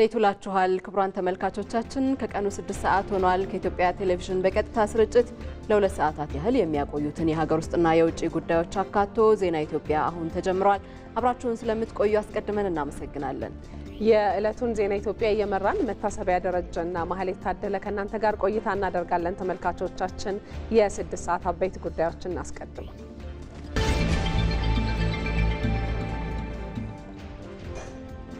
እንዴት ውላችኋል ክቡራን ተመልካቾቻችን። ከቀኑ 6 ሰዓት ሆኗል። ከኢትዮጵያ ቴሌቪዥን በቀጥታ ስርጭት ለሁለት ሰዓታት ያህል የሚያቆዩትን የሀገር ውስጥና የውጭ ጉዳዮች አካቶ ዜና ኢትዮጵያ አሁን ተጀምሯል። አብራችሁን ስለምትቆዩ አስቀድመን እናመሰግናለን። የዕለቱን ዜና ኢትዮጵያ እየመራን መታሰቢያ ደረጀና ማህሌት ታደለ ከእናንተ ጋር ቆይታ እናደርጋለን። ተመልካቾቻችን የስድስት ሰዓት አበይት ጉዳዮችን እናስቀድም።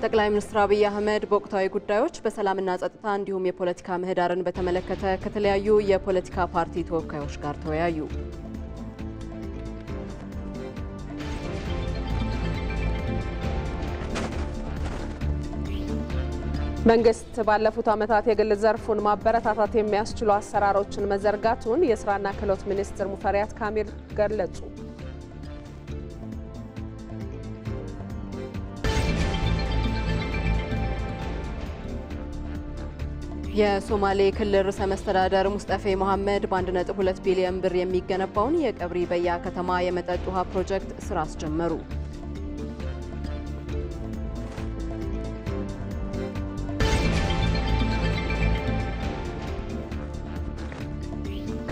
ጠቅላይ ሚኒስትር አብይ አህመድ በወቅታዊ ጉዳዮች በሰላምና ጸጥታ እንዲሁም የፖለቲካ ምህዳርን በተመለከተ ከተለያዩ የፖለቲካ ፓርቲ ተወካዮች ጋር ተወያዩ። መንግስት ባለፉት ዓመታት የግል ዘርፉን ማበረታታት የሚያስችሉ አሰራሮችን መዘርጋቱን የስራና ክህሎት ሚኒስትር ሙፈሪያት ካሚል ገለጹ። የሶማሌ ክልል ርዕሰ መስተዳደር ሙስጠፌ መሐመድ በ1.2 ቢሊዮን ብር የሚገነባውን የቀብሪ በያ ከተማ የመጠጥ ውሃ ፕሮጀክት ስራ አስጀመሩ።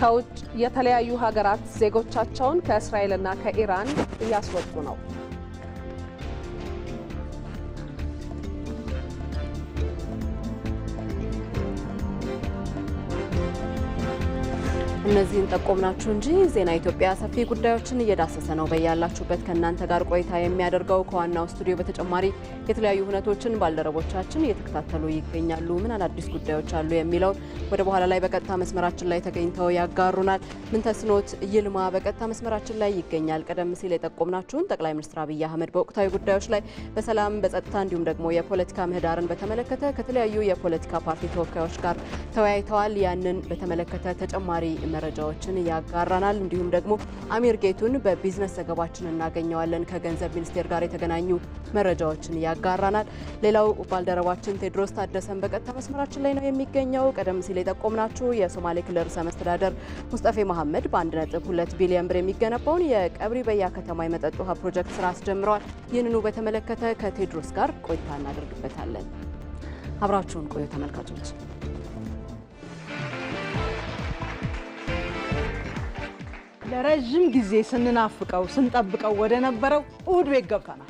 ከውጭ የተለያዩ ሀገራት ዜጎቻቸውን ከእስራኤልና ከኢራን እያስወጡ ነው። እነዚህን ጠቆምናችሁ እንጂ ዜና ኢትዮጵያ ሰፊ ጉዳዮችን እየዳሰሰ ነው። በያላችሁበት ከእናንተ ጋር ቆይታ የሚያደርገው ከዋናው ስቱዲዮ በተጨማሪ የተለያዩ ሁነቶችን ባልደረቦቻችን እየተከታተሉ ይገኛሉ። ምን አዳዲስ ጉዳዮች አሉ የሚለውን ወደ በኋላ ላይ በቀጥታ መስመራችን ላይ ተገኝተው ያጋሩናል። ምንተስኖት ይልማ በቀጥታ መስመራችን ላይ ይገኛል። ቀደም ሲል የጠቆምናችሁን ጠቅላይ ሚኒስትር አብይ አህመድ በወቅታዊ ጉዳዮች ላይ በሰላም በጸጥታ እንዲሁም ደግሞ የፖለቲካ ምህዳርን በተመለከተ ከተለያዩ የፖለቲካ ፓርቲ ተወካዮች ጋር ተወያይተዋል። ያንን በተመለከተ ተጨማሪ መረጃዎችን ያጋራናል። እንዲሁም ደግሞ አሚር ጌቱን በቢዝነስ ዘገባችን እናገኘዋለን። ከገንዘብ ሚኒስቴር ጋር የተገናኙ መረጃዎችን ያጋራናል። ሌላው ባልደረባችን ቴድሮስ ታደሰን በቀጥታ መስመራችን ላይ ነው የሚገኘው። ቀደም ሲል የጠቆምናችሁ የሶማሌ ክልል ርዕሰ መስተዳደር ሙስጠፌ መሐመድ በ1.2 ቢሊዮን ብር የሚገነባውን የቀብሪ በያ ከተማ የመጠጥ ውሃ ፕሮጀክት ስራ አስጀምረዋል። ይህንኑ በተመለከተ ከቴድሮስ ጋር ቆይታ እናደርግበታለን። አብራችሁን ቆዩ ተመልካቾች። ለረዥም ጊዜ ስንናፍቀው ስንጠብቀው ወደ ነበረው እሑድ ቤት ገብተናል።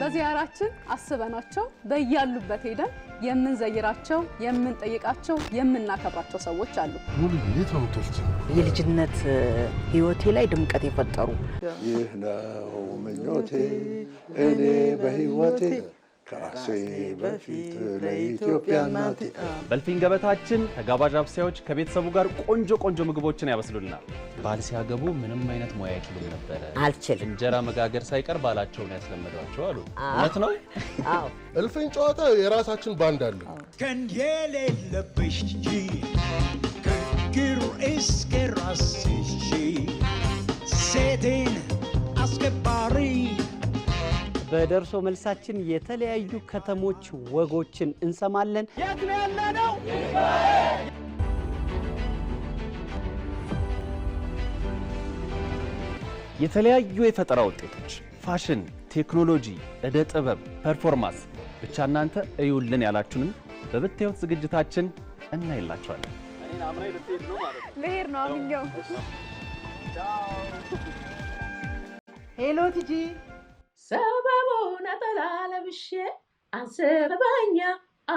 በዚያራችን አስበናቸው በያሉበት ሄደን የምንዘይራቸው፣ የምንጠይቃቸው፣ የምናከብራቸው ሰዎች አሉ። የልጅነት ሕይወቴ ላይ ድምቀት የፈጠሩ ይህ ነው ምኞቴ እኔ በሕይወቴ በልፊን ገበታችን ተጋባዥ አብሳዮች ከቤተሰቡ ጋር ቆንጆ ቆንጆ ምግቦችን ያበስሉልናል። ባል ሲያገቡ ምንም አይነት ሙያ አይችሉም ነበረ። አልችል እንጀራ መጋገር ሳይቀር ባላቸውን ያስለመዷቸው አሉ። እውነት ነው። እልፍኝ ጨዋታ የራሳችን ባንድ አለ። ከንየሌለብሽ ከግሩ እስከ ራስሽ ሴቴን አስከባሪ በደርሶ መልሳችን የተለያዩ ከተሞች ወጎችን እንሰማለን። የት ነው የተለያዩ የፈጠራ ውጤቶች፣ ፋሽን፣ ቴክኖሎጂ፣ እደ ጥበብ፣ ፐርፎርማንስ ብቻ እናንተ እዩልን ያላችሁንም በብታዩት ዝግጅታችን እናይላቸዋለን ነው ሄሎ ቲጂ ሰበቡን ነጠላ ለብሼ አንሰበኛ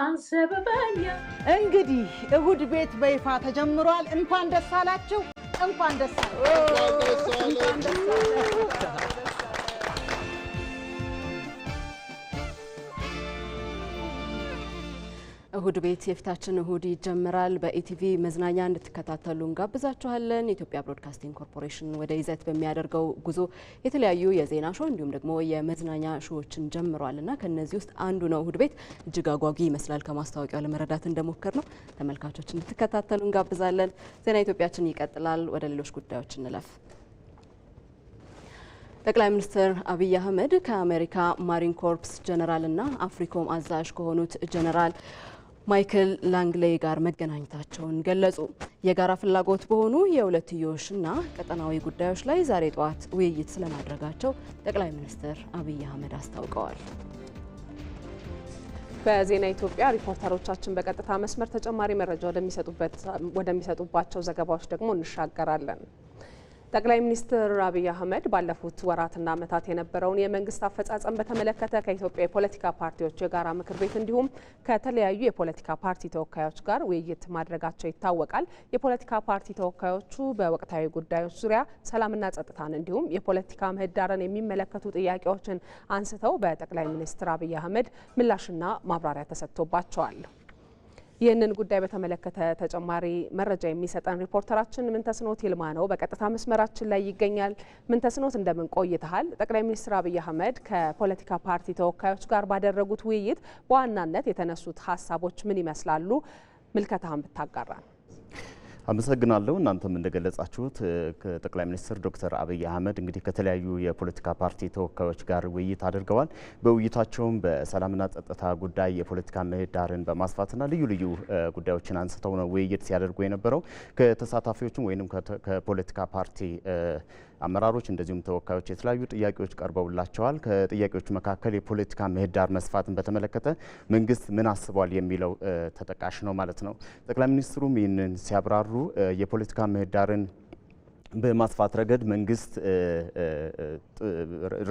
አንሰበኛ። እንግዲህ እሑድ ቤት በይፋ ተጀምሯል። እንኳን ደስ አላችሁ፣ እንኳን ደስ አላችሁ። እሁድ ቤት የፊታችን እሁድ ይጀምራል። በኢቲቪ መዝናኛ እንድትከታተሉ እንጋብዛችኋለን። ኢትዮጵያ ብሮድካስቲንግ ኮርፖሬሽን ወደ ይዘት በሚያደርገው ጉዞ የተለያዩ የዜና ሾ እንዲሁም ደግሞ የመዝናኛ ሾዎችን ጀምሯል እና ከነዚህ ውስጥ አንዱ ነው እሁድ ቤት። እጅግ አጓጊ ይመስላል ከማስታወቂያው ለመረዳት እንደሞከር ነው። ተመልካቾች እንድትከታተሉ እንጋብዛለን። ዜና ኢትዮጵያችን ይቀጥላል። ወደ ሌሎች ጉዳዮች እንለፍ። ጠቅላይ ሚኒስትር አብይ አህመድ ከአሜሪካ ማሪን ኮርፕስ ጀነራልና አፍሪኮም አዛዥ ከሆኑት ጀነራል ማይክል ላንግሌ ጋር መገናኘታቸውን ገለጹ። የጋራ ፍላጎት በሆኑ የሁለትዮሽና ቀጠናዊ ጉዳዮች ላይ ዛሬ ጠዋት ውይይት ስለማድረጋቸው ጠቅላይ ሚኒስትር አብይ አህመድ አስታውቀዋል። በዜና ኢትዮጵያ ሪፖርተሮቻችን በቀጥታ መስመር ተጨማሪ መረጃ ወደሚሰጡባቸው ዘገባዎች ደግሞ እንሻገራለን። ጠቅላይ ሚኒስትር አብይ አህመድ ባለፉት ወራትና ዓመታት የነበረውን የመንግስት አፈጻጸም በተመለከተ ከኢትዮጵያ የፖለቲካ ፓርቲዎች የጋራ ምክር ቤት እንዲሁም ከተለያዩ የፖለቲካ ፓርቲ ተወካዮች ጋር ውይይት ማድረጋቸው ይታወቃል። የፖለቲካ ፓርቲ ተወካዮቹ በወቅታዊ ጉዳዮች ዙሪያ ሰላምና ጸጥታን እንዲሁም የፖለቲካ ምህዳርን የሚመለከቱ ጥያቄዎችን አንስተው በጠቅላይ ሚኒስትር አብይ አህመድ ምላሽና ማብራሪያ ተሰጥቶባቸዋል። ይህንን ጉዳይ በተመለከተ ተጨማሪ መረጃ የሚሰጠን ሪፖርተራችን ምንተስኖት ይልማ ነው። በቀጥታ መስመራችን ላይ ይገኛል። ምንተስኖት እንደምን ቆይተሃል? ጠቅላይ ሚኒስትር አብይ አህመድ ከፖለቲካ ፓርቲ ተወካዮች ጋር ባደረጉት ውይይት በዋናነት የተነሱት ሀሳቦች ምን ይመስላሉ? ምልከታህን ብታጋራን። አመሰግናለሁ። እናንተም እንደገለጻችሁት ጠቅላይ ሚኒስትር ዶክተር አብይ አህመድ እንግዲህ ከተለያዩ የፖለቲካ ፓርቲ ተወካዮች ጋር ውይይት አድርገዋል። በውይይታቸውም በሰላምና ጸጥታ ጉዳይ የፖለቲካ ምህዳርን በማስፋትና ልዩ ልዩ ጉዳዮችን አንስተው ነው ውይይት ሲያደርጉ የነበረው ከተሳታፊዎችም ወይም ከፖለቲካ ፓርቲ አመራሮች እንደዚሁም ተወካዮች የተለያዩ ጥያቄዎች ቀርበውላቸዋል። ከጥያቄዎቹ መካከል የፖለቲካ ምህዳር መስፋትን በተመለከተ መንግስት ምን አስቧል የሚለው ተጠቃሽ ነው ማለት ነው። ጠቅላይ ሚኒስትሩም ይህንን ሲያብራሩ የፖለቲካ ምህዳርን በማስፋት ረገድ መንግስት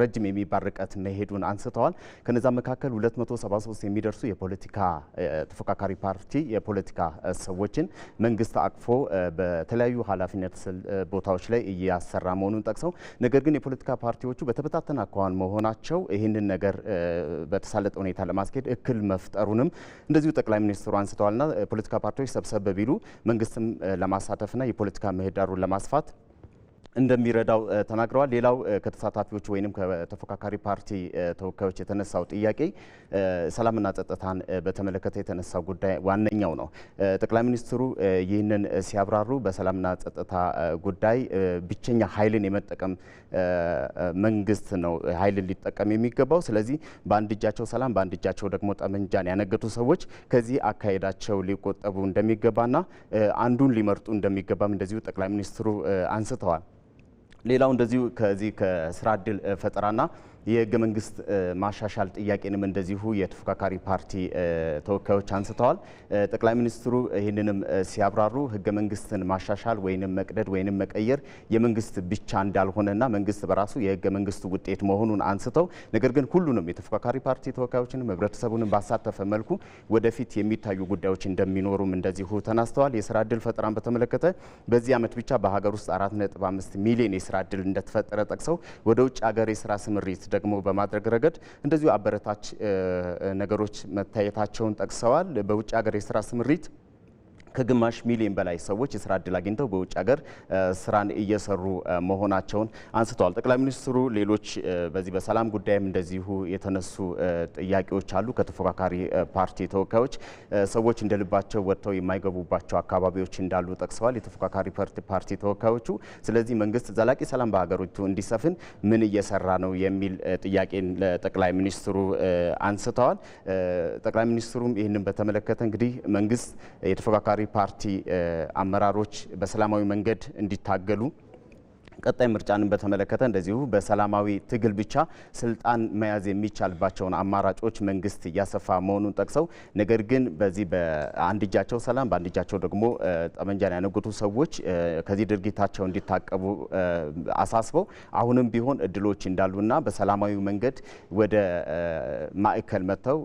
ረጅም የሚባል ርቀት መሄዱን አንስተዋል። ከነዛ መካከል 273 የሚደርሱ የፖለቲካ ተፎካካሪ ፓርቲ የፖለቲካ ሰዎችን መንግስት አቅፎ በተለያዩ ኃላፊነት ቦታዎች ላይ እያሰራ መሆኑን ጠቅሰው ነገር ግን የፖለቲካ ፓርቲዎቹ በተበታተነ አኳኋን መሆናቸው ይህንን ነገር በተሳለጠ ሁኔታ ለማስኬድ እክል መፍጠሩንም እንደዚሁ ጠቅላይ ሚኒስትሩ አንስተዋልና የፖለቲካ ፓርቲዎች ሰብሰብ ቢሉ መንግስትም ለማሳተፍና የፖለቲካ ምህዳሩን ለማስፋት እንደሚረዳው ተናግረዋል። ሌላው ከተሳታፊዎች ወይም ከተፎካካሪ ፓርቲ ተወካዮች የተነሳው ጥያቄ ሰላምና ጸጥታን በተመለከተ የተነሳው ጉዳይ ዋነኛው ነው። ጠቅላይ ሚኒስትሩ ይህንን ሲያብራሩ በሰላምና ጸጥታ ጉዳይ ብቸኛ ኃይልን የመጠቀም መንግስት ነው ኃይልን ሊጠቀም የሚገባው። ስለዚህ በአንድ እጃቸው ሰላም፣ በአንድ እጃቸው ደግሞ ጠመንጃን ያነገቱ ሰዎች ከዚህ አካሄዳቸው ሊቆጠቡ እንደሚገባና አንዱን ሊመርጡ እንደሚገባም እንደዚሁ ጠቅላይ ሚኒስትሩ አንስተዋል። ሌላው እንደዚሁ ከዚህ ከስራ እድል ፈጠራና የህገ መንግስት ማሻሻል ጥያቄንም እንደዚሁ የተፎካካሪ ፓርቲ ተወካዮች አንስተዋል። ጠቅላይ ሚኒስትሩ ይህንንም ሲያብራሩ ህገ መንግስትን ማሻሻል ወይንም መቅደድ ወይንም መቀየር የመንግስት ብቻ እንዳልሆነና መንግስት በራሱ የህገ መንግስቱ ውጤት መሆኑን አንስተው ነገር ግን ሁሉንም የተፎካካሪ ፓርቲ ተወካዮችንም ህብረተሰቡንም ባሳተፈ መልኩ ወደፊት የሚታዩ ጉዳዮች እንደሚኖሩም እንደዚሁ ተናስተዋል። የስራ እድል ፈጠራን በተመለከተ በዚህ ዓመት ብቻ በሀገር ውስጥ 4.5 ሚሊዮን የስራ እድል እንደተፈጠረ ጠቅሰው ወደ ውጭ ሀገር የስራ ስምሪት ደግሞ በማድረግ ረገድ እንደዚሁ አበረታች ነገሮች መታየታቸውን ጠቅሰዋል። በውጭ ሀገር የስራ ስምሪት ከግማሽ ሚሊዮን በላይ ሰዎች የስራ እድል አግኝተው በውጭ ሀገር ስራን እየሰሩ መሆናቸውን አንስተዋል። ጠቅላይ ሚኒስትሩ ሌሎች በዚህ በሰላም ጉዳይም እንደዚሁ የተነሱ ጥያቄዎች አሉ። ከተፎካካሪ ፓርቲ ተወካዮች ሰዎች እንደ ልባቸው ወጥተው የማይገቡባቸው አካባቢዎች እንዳሉ ጠቅሰዋል። የተፎካካሪ ፓርቲ ተወካዮቹ ስለዚህ መንግስት ዘላቂ ሰላም በሀገሪቱ እንዲሰፍን ምን እየሰራ ነው የሚል ጥያቄን ለጠቅላይ ሚኒስትሩ አንስተዋል። ጠቅላይ ሚኒስትሩም ይህንን በተመለከተ እንግዲህ መንግስት የተፎካካሪ ፓርቲ አመራሮች በሰላማዊ መንገድ እንዲታገሉ ቀጣይ ምርጫንም በተመለከተ እንደዚሁ በሰላማዊ ትግል ብቻ ስልጣን መያዝ የሚቻልባቸውን አማራጮች መንግስት እያሰፋ መሆኑን ጠቅሰው ነገር ግን በዚህ በአንድ እጃቸው ሰላም በአንድ እጃቸው ደግሞ ጠመንጃን ያነጉቱ ሰዎች ከዚህ ድርጊታቸው እንዲታቀቡ አሳስበው አሁንም ቢሆን እድሎች እንዳሉና በሰላማዊ መንገድ ወደ ማዕከል መጥተው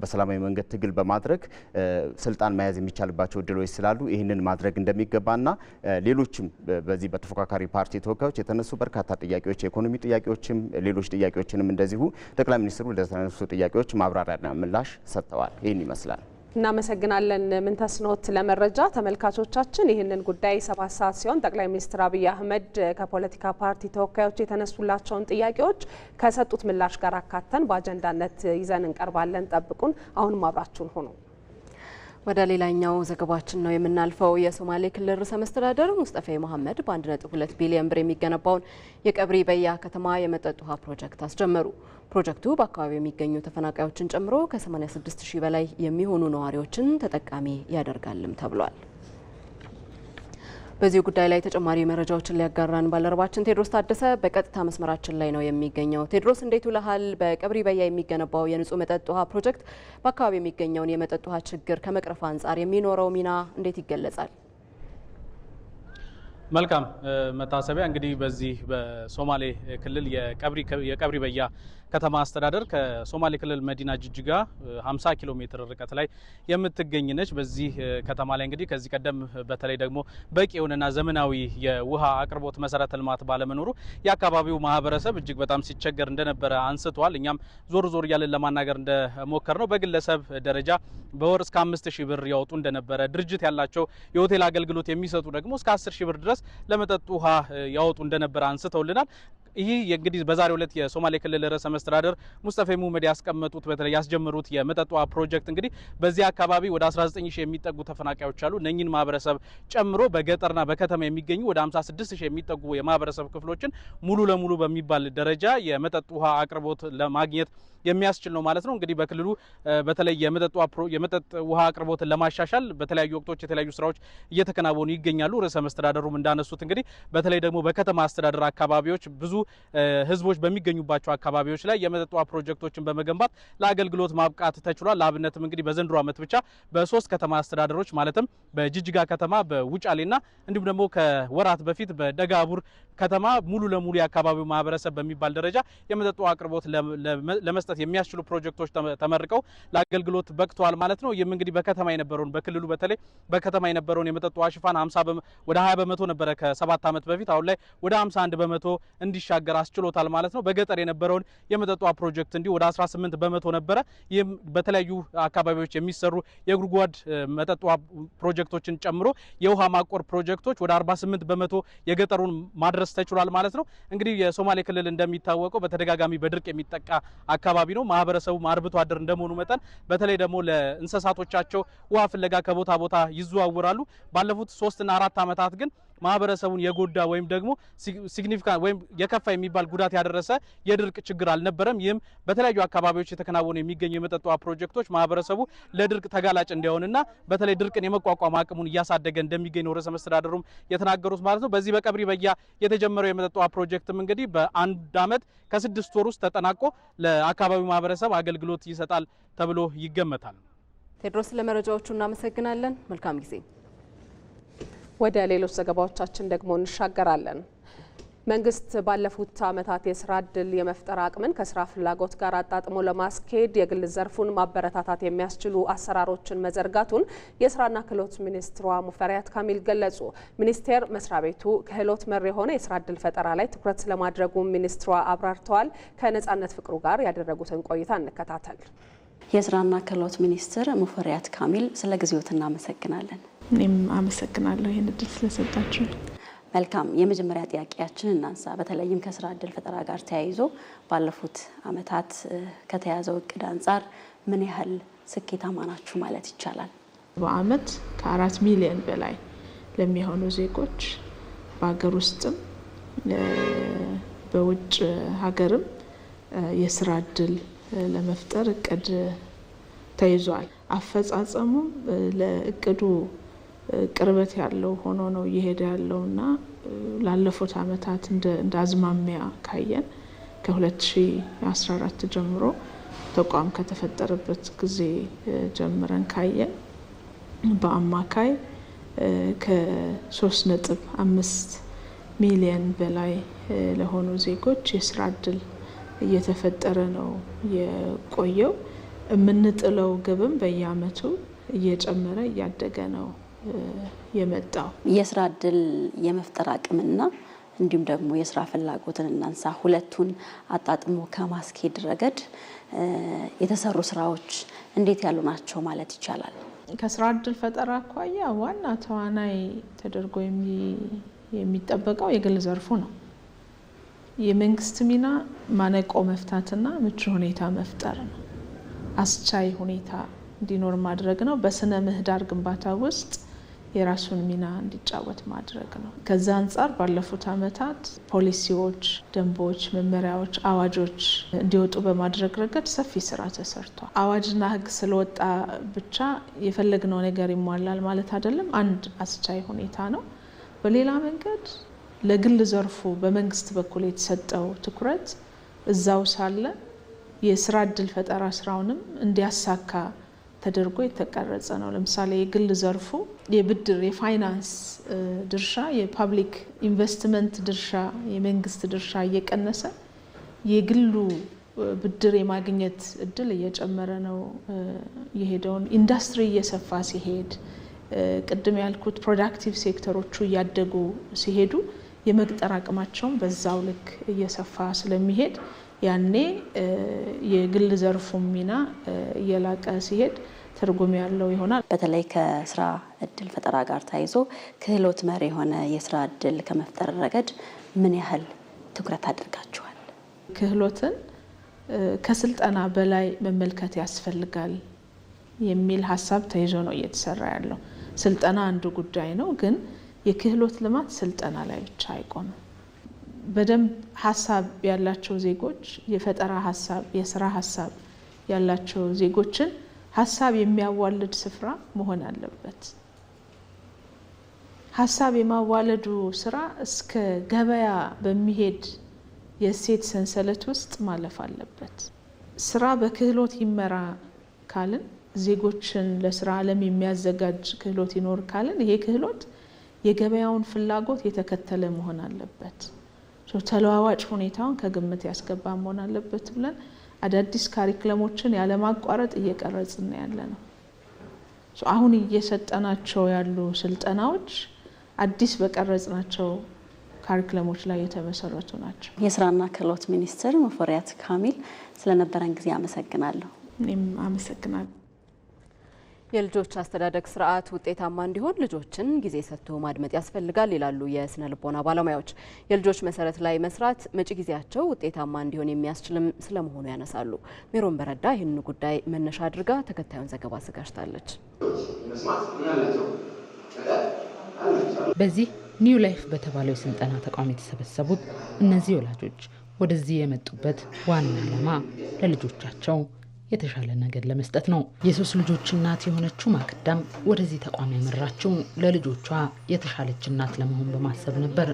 በሰላማዊ መንገድ ትግል በማድረግ ስልጣን መያዝ የሚቻልባቸው እድሎች ስላሉ ይህንን ማድረግ እንደሚገባና ሌሎችም በዚህ በተፎካካሪ ፓርቲ ፓርቲ ተወካዮች የተነሱ በርካታ ጥያቄዎች፣ የኢኮኖሚ ጥያቄዎችም ሌሎች ጥያቄዎችንም እንደዚሁ ጠቅላይ ሚኒስትሩ ለተነሱ ጥያቄዎች ማብራሪያና ምላሽ ሰጥተዋል። ይህን ይመስላል። እናመሰግናለን ምንተስኖት ለመረጃ ተመልካቾቻችን ይህንን ጉዳይ ሰባት ሰዓት ሲሆን ጠቅላይ ሚኒስትር አብይ አህመድ ከፖለቲካ ፓርቲ ተወካዮች የተነሱላቸውን ጥያቄዎች ከሰጡት ምላሽ ጋር አካተን በአጀንዳነት ይዘን እንቀርባለን። ጠብቁን። አሁንም አብራችሁን ሁኑ። ወደ ሌላኛው ዘገባችን ነው የምናልፈው። የሶማሌ ክልል ርዕሰ መስተዳደር ሙስጠፌ መሐመድ በ1.2 ቢሊዮን ብር የሚገነባውን የቀብሪ በያ ከተማ የመጠጥ ውሃ ፕሮጀክት አስጀመሩ። ፕሮጀክቱ በአካባቢው የሚገኙ ተፈናቃዮችን ጨምሮ ከ86 ሺህ በላይ የሚሆኑ ነዋሪዎችን ተጠቃሚ ያደርጋልም ተብሏል። በዚህ ጉዳይ ላይ ተጨማሪ መረጃዎችን ሊያጋራን ባልደረባችን ቴድሮስ ታደሰ በቀጥታ መስመራችን ላይ ነው የሚገኘው። ቴድሮስ እንዴት ውለሃል? በቀብሪ በያ የሚገነባው የንጹህ መጠጥ ውሃ ፕሮጀክት በአካባቢ የሚገኘውን የመጠጥ ውሃ ችግር ከመቅረፍ አንጻር የሚኖረው ሚና እንዴት ይገለጻል? መልካም መታሰቢያ። እንግዲህ በዚህ በሶማሌ ክልል የቀብሪ በያ ከተማ አስተዳደር ከሶማሌ ክልል መዲና ጅጅጋ 50 ኪሎ ሜትር ርቀት ላይ የምትገኝ ነች። በዚህ ከተማ ላይ እንግዲህ ከዚህ ቀደም በተለይ ደግሞ በቂ የሆነና ዘመናዊ የውሃ አቅርቦት መሰረተ ልማት ባለመኖሩ የአካባቢው ማህበረሰብ እጅግ በጣም ሲቸገር እንደነበረ አንስቷል። እኛም ዞር ዞር እያለን ለማናገር እንደሞከር ነው በግለሰብ ደረጃ በወር እስከ አምስት ሺህ ብር ያወጡ እንደነበረ ድርጅት ያላቸው የሆቴል አገልግሎት የሚሰጡ ደግሞ እስከ አስር ሺህ ብር ድረስ ለመጠጥ ውሃ ያወጡ እንደነበረ አንስተውልናል። ይህ እንግዲህ በዛሬው ዕለት የሶማሌ ክልል ርዕሰ አስተዳደር ሙስጠፌ ሙመድ ያስቀመጡት በተለይ ያስጀመሩት የመጠጧ ፕሮጀክት እንግዲህ በዚህ አካባቢ ወደ 19ሺ የሚጠጉ ተፈናቃዮች አሉ። እነኚህን ማህበረሰብ ጨምሮ በገጠርና በከተማ የሚገኙ ወደ ሺ የሚጠጉ የማህበረሰብ ክፍሎችን ሙሉ ለሙሉ በሚባል ደረጃ የመጠጥ ውሃ አቅርቦት ለማግኘት የሚያስችል ነው ማለት ነው። እንግዲህ በክልሉ በተለይ የመጠጥ ውሃ አቅርቦትን ለማሻሻል በተለያዩ ወቅቶች የተለያዩ ስራዎች እየተከናወኑ ይገኛሉ። ርዕሰ መስተዳደሩም እንዳነሱት እንግዲህ በተለይ ደግሞ በከተማ አስተዳደር አካባቢዎች ብዙ ህዝቦች በሚገኙባቸው አካባቢዎች ላይ የመጠጥ ውሃ ፕሮጀክቶችን በመገንባት ለአገልግሎት ማብቃት ተችሏል። ለአብነትም እንግዲህ በዘንድሮ ዓመት ብቻ በሶስት ከተማ አስተዳደሮች ማለትም በጅጅጋ ከተማ በውጫሌና እንዲሁም ደግሞ ከወራት በፊት በደጋቡር ከተማ ሙሉ ለሙሉ የአካባቢው ማህበረሰብ በሚባል ደረጃ የመጠጥ ውሃ አቅርቦት ለመስጠት የሚያስችሉ ፕሮጀክቶች ተመርቀው ለአገልግሎት በቅተዋል ማለት ነው። ይህም እንግዲህ በከተማ የነበረውን በክልሉ በተለይ በከተማ የነበረውን የመጠጥ ውሃ ሽፋን ወደ 20 በመቶ ነበረ ከሰባት ዓመት በፊት አሁን ላይ ወደ 51 በመቶ እንዲሻገር አስችሎታል ማለት ነው። በገጠር የነበረውን የመጠጧ ፕሮጀክት እንዲሁ ወደ 18 በመቶ ነበረ። ይህም በተለያዩ አካባቢዎች የሚሰሩ የጉድጓድ መጠጧ ፕሮጀክቶችን ጨምሮ የውሃ ማቆር ፕሮጀክቶች ወደ 48 በመቶ የገጠሩን ማድረስ ተችሏል ማለት ነው። እንግዲህ የሶማሌ ክልል እንደሚታወቀው በተደጋጋሚ በድርቅ የሚጠቃ አካባቢ ነው። ማህበረሰቡ አርብቶ አደር እንደመሆኑ መጠን በተለይ ደግሞ ለእንስሳቶቻቸው ውሃ ፍለጋ ከቦታ ቦታ ይዘዋወራሉ። ባለፉት ሶስትና አራት ዓመታት ግን ማህበረሰቡን የጎዳ ወይም ደግሞ ሲግኒፊካንት ወይም የከፋ የሚባል ጉዳት ያደረሰ የድርቅ ችግር አልነበረም። ይህም በተለያዩ አካባቢዎች የተከናወኑ የሚገኙ የመጠጥ ውሃ ፕሮጀክቶች ማህበረሰቡ ለድርቅ ተጋላጭ እንዲሆንና በተለይ ድርቅን የመቋቋም አቅሙን እያሳደገ እንደሚገኝ ርዕሰ መስተዳደሩም የተናገሩት ማለት ነው። በዚህ በቀብሪ በያ የተጀመረው የመጠጥ ውሃ ፕሮጀክትም እንግዲህ በአንድ ዓመት ከስድስት ወር ውስጥ ተጠናቆ ለአካባቢው ማህበረሰብ አገልግሎት ይሰጣል ተብሎ ይገመታል። ቴድሮስ፣ ለመረጃዎቹ እናመሰግናለን። መልካም ጊዜ ወደ ሌሎች ዘገባዎቻችን ደግሞ እንሻገራለን። መንግስት ባለፉት አመታት የስራ እድል የመፍጠር አቅምን ከስራ ፍላጎት ጋር አጣጥሞ ለማስኬድ የግል ዘርፉን ማበረታታት የሚያስችሉ አሰራሮችን መዘርጋቱን የስራና ክህሎት ሚኒስትሯ ሙፈሪያት ካሚል ገለጹ። ሚኒስቴር መስሪያ ቤቱ ክህሎት መር የሆነ የስራ እድል ፈጠራ ላይ ትኩረት ስለማድረጉ ሚኒስትሯ አብራርተዋል። ከነጻነት ፍቅሩ ጋር ያደረጉትን ቆይታ እንከታተል። የስራና ክህሎት ሚኒስትር ሙፈሪያት ካሚል ስለ ጊዜዎት እናመሰግናለን። እኔም አመሰግናለሁ ይህን እድል ስለሰጣችሁ። መልካም የመጀመሪያ ጥያቄያችን እናንሳ። በተለይም ከስራ እድል ፈጠራ ጋር ተያይዞ ባለፉት አመታት ከተያዘው እቅድ አንጻር ምን ያህል ስኬታማ ናችሁ ማለት ይቻላል? በአመት ከአራት ሚሊዮን በላይ ለሚሆኑ ዜጎች በሀገር ውስጥም በውጭ ሀገርም የስራ እድል ለመፍጠር እቅድ ተይዟል። አፈጻጸሙም ለእቅዱ ቅርበት ያለው ሆኖ ነው እየሄደ ያለው እና ላለፉት አመታት እንደ አዝማሚያ ካየን ከ2014 ጀምሮ ተቋም ከተፈጠረበት ጊዜ ጀምረን ካየን በአማካይ ከ3 ነጥብ አምስት ሚሊየን በላይ ለሆኑ ዜጎች የስራ እድል እየተፈጠረ ነው የቆየው። የምንጥለው ግብም በየአመቱ እየጨመረ እያደገ ነው የመጣው? የስራ እድል የመፍጠር አቅምና እንዲሁም ደግሞ የስራ ፍላጎትን እናንሳ። ሁለቱን አጣጥሞ ከማስኬድ ረገድ የተሰሩ ስራዎች እንዴት ያሉ ናቸው ማለት ይቻላል? ከስራ እድል ፈጠራ አኳያ ዋና ተዋናይ ተደርጎ የሚጠበቀው የግል ዘርፉ ነው። የመንግስት ሚና ማነቆ መፍታትና ምቹ ሁኔታ መፍጠር ነው። አስቻይ ሁኔታ እንዲኖር ማድረግ ነው። በስነ ምህዳር ግንባታ ውስጥ የራሱን ሚና እንዲጫወት ማድረግ ነው። ከዛ አንጻር ባለፉት አመታት ፖሊሲዎች፣ ደንቦች፣ መመሪያዎች፣ አዋጆች እንዲወጡ በማድረግ ረገድ ሰፊ ስራ ተሰርቷል። አዋጅና ህግ ስለወጣ ብቻ የፈለግነው ነገር ይሟላል ማለት አይደለም። አንድ አስቻይ ሁኔታ ነው። በሌላ መንገድ ለግል ዘርፉ በመንግስት በኩል የተሰጠው ትኩረት እዛው ሳለ የስራ እድል ፈጠራ ስራውንም እንዲያሳካ ተደርጎ የተቀረጸ ነው። ለምሳሌ የግል ዘርፉ የብድር የፋይናንስ ድርሻ የፓብሊክ ኢንቨስትመንት ድርሻ የመንግስት ድርሻ እየቀነሰ የግሉ ብድር የማግኘት እድል እየጨመረ ነው የሄደውን ኢንዱስትሪ እየሰፋ ሲሄድ ቅድም ያልኩት ፕሮዳክቲቭ ሴክተሮቹ እያደጉ ሲሄዱ የመቅጠር አቅማቸውን በዛው ልክ እየሰፋ ስለሚሄድ ያኔ የግል ዘርፉ ሚና እየላቀ ሲሄድ ትርጉም ያለው ይሆናል። በተለይ ከስራ እድል ፈጠራ ጋር ተያይዞ ክህሎት መር የሆነ የስራ እድል ከመፍጠር ረገድ ምን ያህል ትኩረት አድርጋችኋል? ክህሎትን ከስልጠና በላይ መመልከት ያስፈልጋል የሚል ሀሳብ ተይዞ ነው እየተሰራ ያለው። ስልጠና አንዱ ጉዳይ ነው፣ ግን የክህሎት ልማት ስልጠና ላይ ብቻ አይቆምም። በደንብ ሀሳብ ያላቸው ዜጎች የፈጠራ ሀሳብ፣ የስራ ሀሳብ ያላቸው ዜጎችን ሀሳብ የሚያዋልድ ስፍራ መሆን አለበት። ሀሳብ የማዋለዱ ስራ እስከ ገበያ በሚሄድ የእሴት ሰንሰለት ውስጥ ማለፍ አለበት። ስራ በክህሎት ይመራ ካልን ዜጎችን ለስራ ዓለም የሚያዘጋጅ ክህሎት ይኖር ካልን ይሄ ክህሎት የገበያውን ፍላጎት የተከተለ መሆን አለበት። ተለዋዋጭ ሁኔታውን ከግምት ያስገባ መሆን አለበት ብለን አዳዲስ ካሪክለሞችን ያለማቋረጥ እየቀረጽን ያለ ነው። አሁን እየሰጠናቸው ያሉ ስልጠናዎች አዲስ በቀረጽናቸው ካሪክለሞች ላይ የተመሰረቱ ናቸው። የስራና ክህሎት ሚኒስትር ሙፈሪያት ካሚል ስለነበረን ጊዜ አመሰግናለሁ። እኔም አመሰግናለሁ። የልጆች አስተዳደግ ስርዓት ውጤታማ እንዲሆን ልጆችን ጊዜ ሰጥቶ ማድመጥ ያስፈልጋል ይላሉ የስነ ልቦና ባለሙያዎች። የልጆች መሰረት ላይ መስራት መጪ ጊዜያቸው ውጤታማ እንዲሆን የሚያስችልም ስለመሆኑ ያነሳሉ። ሜሮን በረዳ ይህንን ጉዳይ መነሻ አድርጋ ተከታዩን ዘገባ አዘጋጅታለች። በዚህ ኒው ላይፍ በተባለው የስልጠና ተቋም የተሰበሰቡት እነዚህ ወላጆች ወደዚህ የመጡበት ዋና ዓላማ ለልጆቻቸው የተሻለ ነገር ለመስጠት ነው። የሶስት ልጆች እናት የሆነችው ማክዳም ወደዚህ ተቋም ያመራችው ለልጆቿ የተሻለች እናት ለመሆን በማሰብ ነበር።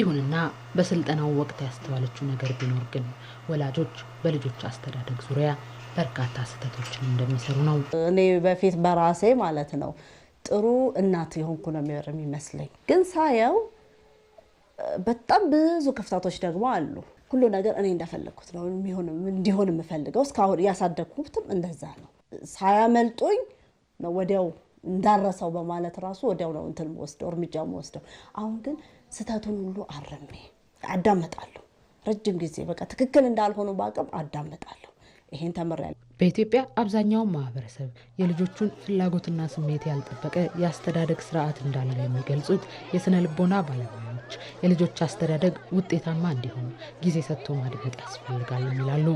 ይሁንና በስልጠናው ወቅት ያስተዋለችው ነገር ቢኖር ግን ወላጆች በልጆች አስተዳደግ ዙሪያ በርካታ ስህተቶችን እንደሚሰሩ ነው። እኔ በፊት በራሴ ማለት ነው ጥሩ እናት የሆንኩ ነው የሚመስለኝ፣ ግን ሳየው በጣም ብዙ ክፍተቶች ደግሞ አሉ ሁሉ ነገር እኔ እንደፈለግኩት ነው እንዲሆን የምፈልገው። እስካሁን ያሳደግኩትም እንደዛ ነው። ሳያመልጦኝ ወዲያው እንዳረሰው በማለት ራሱ ወዲያው ነው እንትን ወስደው እርምጃ ወስደው። አሁን ግን ስህተቱን ሁሉ አረሜ አዳመጣለሁ። ረጅም ጊዜ በቃ ትክክል እንዳልሆኑ በአቅም አዳመጣለሁ። ይሄን ተምሬያለሁ። በኢትዮጵያ አብዛኛው ማህበረሰብ የልጆቹን ፍላጎትና ስሜት ያልጠበቀ የአስተዳደግ ስርዓት እንዳለ የሚገልጹት የስነ ልቦና ባለሙያ ወላጆች የልጆች አስተዳደግ ውጤታማ እንዲሆን ጊዜ ሰጥቶ ማድረግ ያስፈልጋል ይላሉ።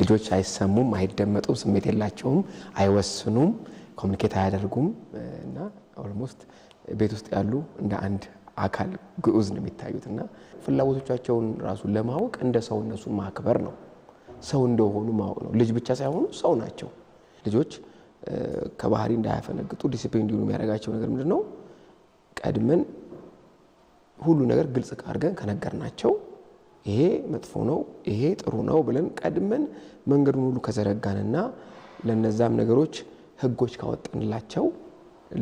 ልጆች አይሰሙም፣ አይደመጡም፣ ስሜት የላቸውም፣ አይወስኑም፣ ኮሚኒኬት አያደርጉም እና ኦልሞስት ቤት ውስጥ ያሉ እንደ አንድ አካል ግዑዝ ነው የሚታዩት እና ፍላጎቶቻቸውን ራሱ ለማወቅ እንደ ሰው እነሱ ማክበር ነው። ሰው እንደሆኑ ማወቅ ነው። ልጅ ብቻ ሳይሆኑ ሰው ናቸው። ልጆች ከባህሪ እንዳያፈነግጡ ዲሲፕሊን እንዲሆኑ የሚያደርጋቸው ነገር ምንድን ነው? ቀድመን ሁሉ ነገር ግልጽ አድርገን ከነገርናቸው ይሄ መጥፎ ነው፣ ይሄ ጥሩ ነው ብለን ቀድመን መንገዱን ሁሉ ከዘረጋንና ለነዛም ነገሮች ህጎች ካወጣንላቸው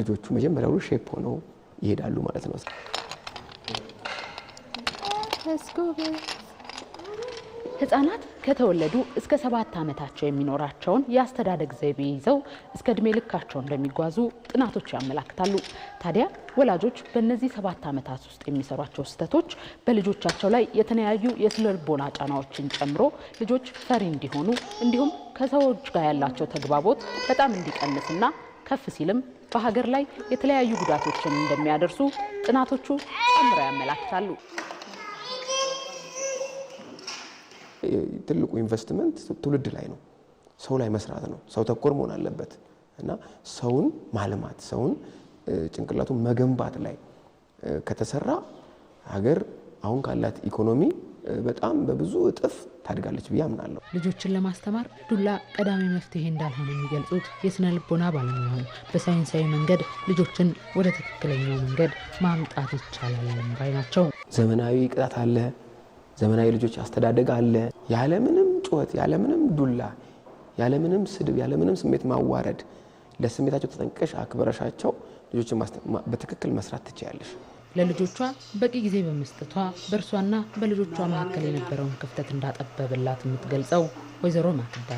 ልጆቹ መጀመሪያው ሼፕ ሆነው ይሄዳሉ ማለት ነው። ህጻናት ከተወለዱ እስከ ሰባት ዓመታቸው የሚኖራቸውን የአስተዳደግ ዘይቤ ይዘው እስከ ዕድሜ ልካቸው እንደሚጓዙ ጥናቶች ያመላክታሉ። ታዲያ ወላጆች በእነዚህ ሰባት ዓመታት ውስጥ የሚሰሯቸው ስህተቶች በልጆቻቸው ላይ የተለያዩ የስነ ልቦና ጫናዎችን ጨምሮ ልጆች ፈሪ እንዲሆኑ እንዲሁም ከሰዎች ጋር ያላቸው ተግባቦት በጣም እንዲቀንስና ከፍ ሲልም በሀገር ላይ የተለያዩ ጉዳቶችን እንደሚያደርሱ ጥናቶቹ ጨምረው ያመላክታሉ። ትልቁ ኢንቨስትመንት ትውልድ ላይ ነው፣ ሰው ላይ መስራት ነው። ሰው ተኮር መሆን አለበት እና ሰውን ማልማት ሰውን ጭንቅላቱን መገንባት ላይ ከተሰራ ሀገር አሁን ካላት ኢኮኖሚ በጣም በብዙ እጥፍ ታድጋለች ብዬ አምናለሁ። ልጆችን ለማስተማር ዱላ ቀዳሚ መፍትሄ እንዳልሆነ የሚገልጹት የስነ ልቦና ባለሙያው በሳይንሳዊ መንገድ ልጆችን ወደ ትክክለኛው መንገድ ማምጣት ይቻላል ባይ ናቸው። ዘመናዊ ቅጣት አለ፣ ዘመናዊ ልጆች አስተዳደግ አለ። ያለምንም ጩኸት፣ ያለምንም ዱላ፣ ያለምንም ስድብ፣ ያለምንም ስሜት ማዋረድ ለስሜታቸው ተጠንቀሽ አክብረሻቸው ልጆችን በትክክል መስራት ትችያለሽ። ለልጆቿ በቂ ጊዜ በመስጠቷ በእርሷና በልጆቿ መካከል የነበረውን ክፍተት እንዳጠበብላት የምትገልጸው ወይዘሮ ማክዳ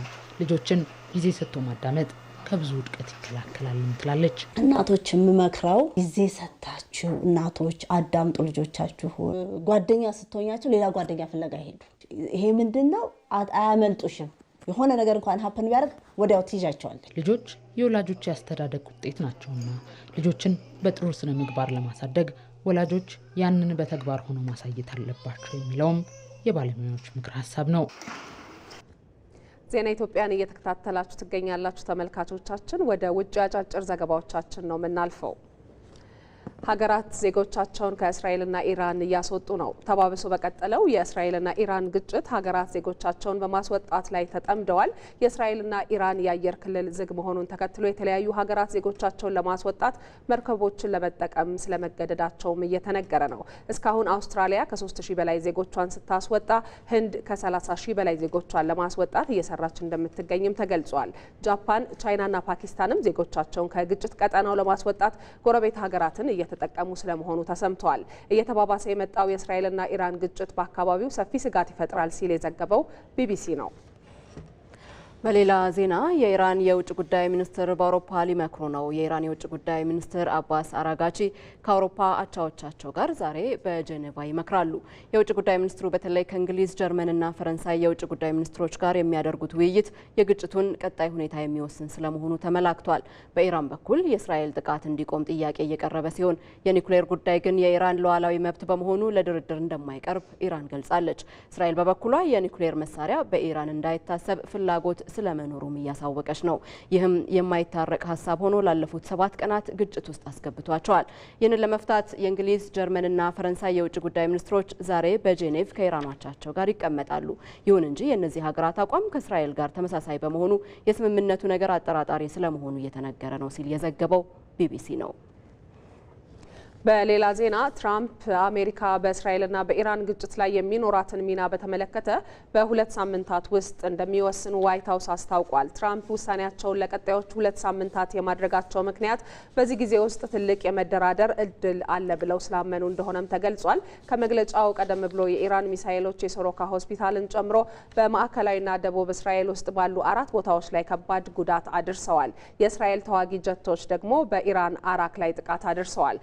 ልጆችን ጊዜ ሰጥቶ ማዳመጥ ከብዙ ውድቀት ይከላከላል ትላለች። እናቶች የምመክረው ጊዜ ሰታችሁ እናቶች አዳምጡ ልጆቻችሁ። ጓደኛ ስትሆኛቸው ሌላ ጓደኛ ፍለጋ ሄዱ። ይሄ ምንድን ነው? አያመልጡሽም። የሆነ ነገር እንኳን ሀፕን ቢያደርግ ወዲያው ትይዣቸዋለች። ልጆች የወላጆች ያስተዳደግ ውጤት ናቸውና ልጆችን በጥሩ ስነ ምግባር ለማሳደግ ወላጆች ያንን በተግባር ሆኖ ማሳየት አለባቸው የሚለውም የባለሙያዎች ምክር ሀሳብ ነው። ዜና ኢትዮጵያን እየተከታተላችሁ ትገኛላችሁ ተመልካቾቻችን። ወደ ውጭ አጫጭር ዘገባዎቻችን ነው የምናልፈው። ሀገራት ዜጎቻቸውን ከእስራኤልና ኢራን እያስወጡ ነው። ተባብሶ በቀጠለው የእስራኤልና ኢራን ግጭት ሀገራት ዜጎቻቸውን በማስወጣት ላይ ተጠምደዋል። የእስራኤልና ኢራን የአየር ክልል ዝግ መሆኑን ተከትሎ የተለያዩ ሀገራት ዜጎቻቸውን ለማስወጣት መርከቦችን ለመጠቀም ስለመገደዳቸውም እየተነገረ ነው። እስካሁን አውስትራሊያ ከ3 በላይ ዜጎቿን ስታስወጣ፣ ህንድ ከ30 ሺህ በላይ ዜጎቿን ለማስወጣት እየሰራች እንደምትገኝም ተገልጿል። ጃፓን፣ ቻይናና ፓኪስታንም ዜጎቻቸውን ከግጭት ቀጠናው ለማስወጣት ጎረቤት ሀገራትን እየተጠቀሙ ስለመሆኑ ተሰምተዋል። እየተባባሰ የመጣው የእስራኤልና ኢራን ግጭት በአካባቢው ሰፊ ስጋት ይፈጥራል ሲል የዘገበው ቢቢሲ ነው። በሌላ ዜና የኢራን የውጭ ጉዳይ ሚኒስትር በአውሮፓ ሊመክሩ ነው። የኢራን የውጭ ጉዳይ ሚኒስትር አባስ አራጋቺ ከአውሮፓ አቻዎቻቸው ጋር ዛሬ በጀኔቫ ይመክራሉ። የውጭ ጉዳይ ሚኒስትሩ በተለይ ከእንግሊዝ፣ ጀርመንና ፈረንሳይ የውጭ ጉዳይ ሚኒስትሮች ጋር የሚያደርጉት ውይይት የግጭቱን ቀጣይ ሁኔታ የሚወስን ስለመሆኑ ተመላክቷል። በኢራን በኩል የእስራኤል ጥቃት እንዲቆም ጥያቄ እየቀረበ ሲሆን የኒውክሌር ጉዳይ ግን የኢራን ሉዓላዊ መብት በመሆኑ ለድርድር እንደማይቀርብ ኢራን ገልጻለች። እስራኤል በበኩሏ የኒውክሌር መሳሪያ በኢራን እንዳይታሰብ ፍላጎት ስለመኖሩም እያሳወቀች ነው። ይህም የማይታረቅ ሀሳብ ሆኖ ላለፉት ሰባት ቀናት ግጭት ውስጥ አስገብቷቸዋል። ይህንን ለመፍታት የእንግሊዝ ጀርመንና ፈረንሳይ የውጭ ጉዳይ ሚኒስትሮች ዛሬ በጄኔቭ ከኢራኖቻቸው ጋር ይቀመጣሉ። ይሁን እንጂ የእነዚህ ሀገራት አቋም ከእስራኤል ጋር ተመሳሳይ በመሆኑ የስምምነቱ ነገር አጠራጣሪ ስለመሆኑ እየተነገረ ነው ሲል የዘገበው ቢቢሲ ነው። በሌላ ዜና ትራምፕ አሜሪካ በእስራኤልና በኢራን ግጭት ላይ የሚኖራትን ሚና በተመለከተ በሁለት ሳምንታት ውስጥ እንደሚወስኑ ዋይት ሀውስ አስታውቋል። ትራምፕ ውሳኔያቸውን ለቀጣዮች ሁለት ሳምንታት የማድረጋቸው ምክንያት በዚህ ጊዜ ውስጥ ትልቅ የመደራደር እድል አለ ብለው ስላመኑ እንደሆነም ተገልጿል። ከመግለጫው ቀደም ብሎ የኢራን ሚሳይሎች የሶሮካ ሆስፒታልን ጨምሮ በማዕከላዊና ደቡብ እስራኤል ውስጥ ባሉ አራት ቦታዎች ላይ ከባድ ጉዳት አድርሰዋል። የእስራኤል ተዋጊ ጀቶች ደግሞ በኢራን አራክ ላይ ጥቃት አድርሰዋል።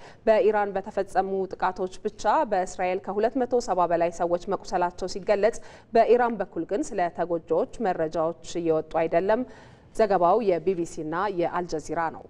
በኢራን በተፈጸሙ ጥቃቶች ብቻ በእስራኤል ከ270 በላይ ሰዎች መቁሰላቸው ሲገለጽ፣ በኢራን በኩል ግን ስለ ተጎጂዎች መረጃዎች እየወጡ አይደለም። ዘገባው የቢቢሲና የአልጀዚራ ነው።